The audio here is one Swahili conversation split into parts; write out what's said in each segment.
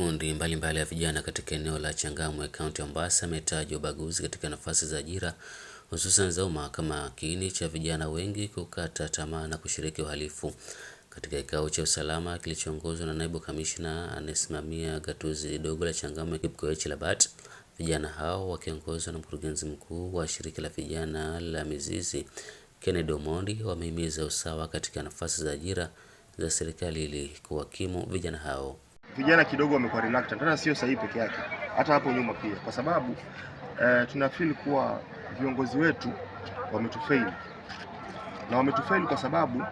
makundi mbalimbali ya vijana katika eneo la Changamwe, kaunti ya Mombasa ametaja ubaguzi katika nafasi za ajira hususan za umma kama kiini cha vijana wengi kukata tamaa na kushiriki uhalifu. Katika kikao cha usalama kilichoongozwa na naibu kamishna anayesimamia gatuzi dogo la Changamwe, Kipkoech Labat, vijana hao wakiongozwa na mkurugenzi mkuu wa shirika la vijana la Mizizi Kennedy Omondi wamehimiza usawa katika nafasi za ajira za serikali ili kuwakimu vijana hao vijana kidogo wamekuwa reluctant, hata sio sahihi peke yake, hata hapo nyuma pia, kwa sababu eh, tuna feel kuwa viongozi wetu wametufail na wametufail kwa sababu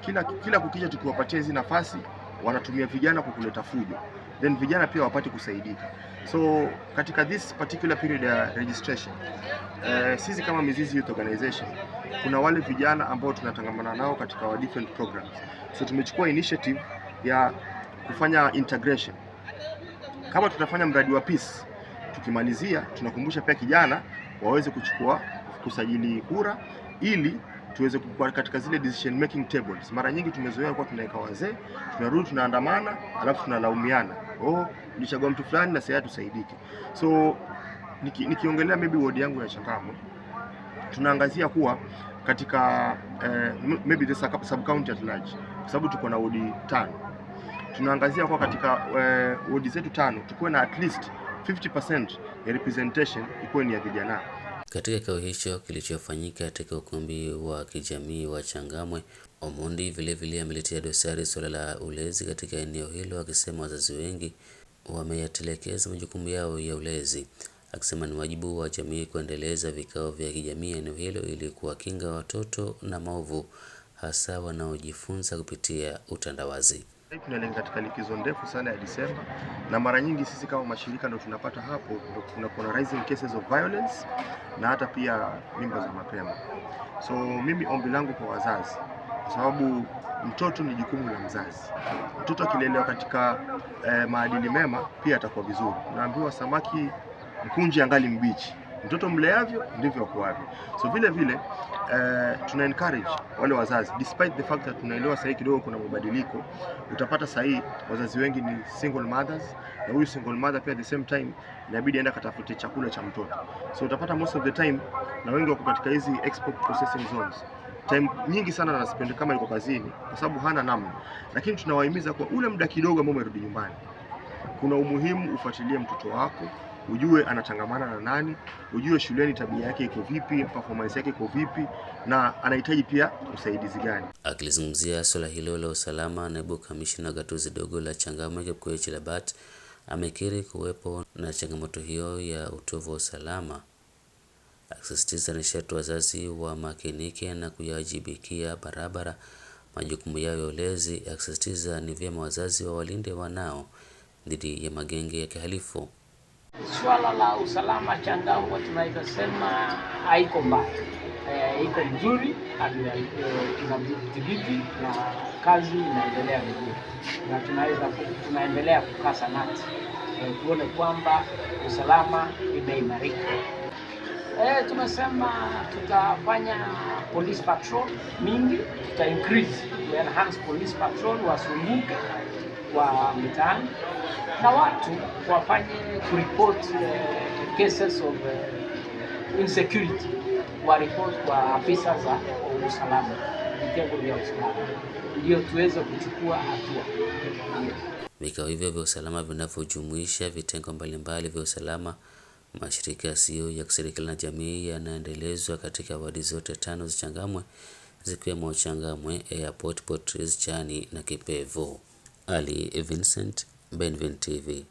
kila kila kukija tukiwapatia hizi nafasi wanatumia vijana kwa kuleta fujo, then vijana pia wapate kusaidika. So katika this particular period ya registration eh, sisi kama Mizizi Youth Organization kuna wale vijana ambao tunatangamana nao katika wa different programs, so tumechukua initiative ya kufanya integration. Kama tutafanya mradi wa peace, tukimalizia tunakumbusha pia kijana waweze kuchukua kusajili kura ili tuweze kukua katika zile decision making tables. Mara nyingi tumezoea kwa tunaweka wazee, tunarudi tunaandamana, alafu tunalaumiana, oh, nilichagua mtu fulani na sasa tusaidike. So niki, nikiongelea maybe wodi yangu ya Changamwe tunaangazia kuwa katika eh, maybe the sub county at large, kwa sababu tuko na wodi tano tunaangazia kwa katika uh, wodi zetu tano tukuwe na at least 50% ya representation ikuwe ni ya vijana. Katika kikao hicho kilichofanyika katika ukumbi wa kijamii wa Changamwe, Omondi vilevile ameletea dosari suala la ulezi katika eneo hilo, akisema wazazi wengi wameyatelekeza majukumu yao ya ulezi, akisema ni wajibu wa jamii kuendeleza vikao vya kijamii eneo hilo ili kuwakinga watoto na maovu, hasa wanaojifunza kupitia utandawazi tunaelekea katika likizo ndefu sana ya Disemba, na mara nyingi sisi kama mashirika ndio tunapata hapo, ndio kuna rising cases of violence na hata pia mimba za mapema. So mimi ombi langu kwa wazazi, kwa sababu mtoto ni jukumu la mzazi. Mtoto akilelewa katika eh, maadili mema, pia atakuwa vizuri. Naambiwa samaki mkunje angali mbichi mtoto mleavyo ndivyo akuavyo. So vile vile uh, tuna encourage wale wazazi, despite the fact that tunaelewa sahii kidogo kuna mabadiliko. Utapata sahii wazazi wengi ni single mothers, na huyu single mother pia at the same time inabidi aenda katafute chakula cha mtoto, so utapata most of the time, na wengi wako katika hizi export processing zones time nyingi sana na spend kama yuko kazini, kwa sababu hana namna. Lakini tunawahimiza kwa ule muda kidogo ambao umerudi nyumbani, kuna umuhimu ufuatilie mtoto wako ujue anachangamana na nani, ujue shuleni tabia yake iko vipi, performance yake iko vipi na anahitaji pia usaidizi gani. Akilizungumzia suala hilo la usalama, naibu kamishna gatuzi dogo la Changamwe Kipkoech Labat amekiri kuwepo na changamoto hiyo ya utovu wa usalama, akisisitiza nishati wazazi wa makinike na kuyajibikia barabara majukumu yao ya ulezi, akisisitiza ni vyema wazazi wa walinde wanao dhidi ya magenge ya kihalifu. Swala la usalama Changaa huwa haiko mbaya, e, iko mzuri, tunadhibiti eh, na kazi inaendelea vizuri, na tunaweza tunaendelea kukasa nati e, eh, tuone kwamba usalama imeimarika. E, tumesema tutafanya police patrol mingi, tuta increase, enhance police patrol wasunguke wa mitaani na watu wafanye kuripot uh, eh, cases of uh, insecurity report kwa afisa za usalama, vitengo vya usalama, ndio tuweze kuchukua hatua. Vikao hivyo vya usalama vinavyojumuisha vitengo mbalimbali vya usalama, mashirika yasiyo ya kiserikali na jamii yanaendelezwa katika wadi zote tano za Changamwe zikiwemo Changamwe Airport, Port Reitz, Chani na Kipevu. Ali Vincent, Benvin TV.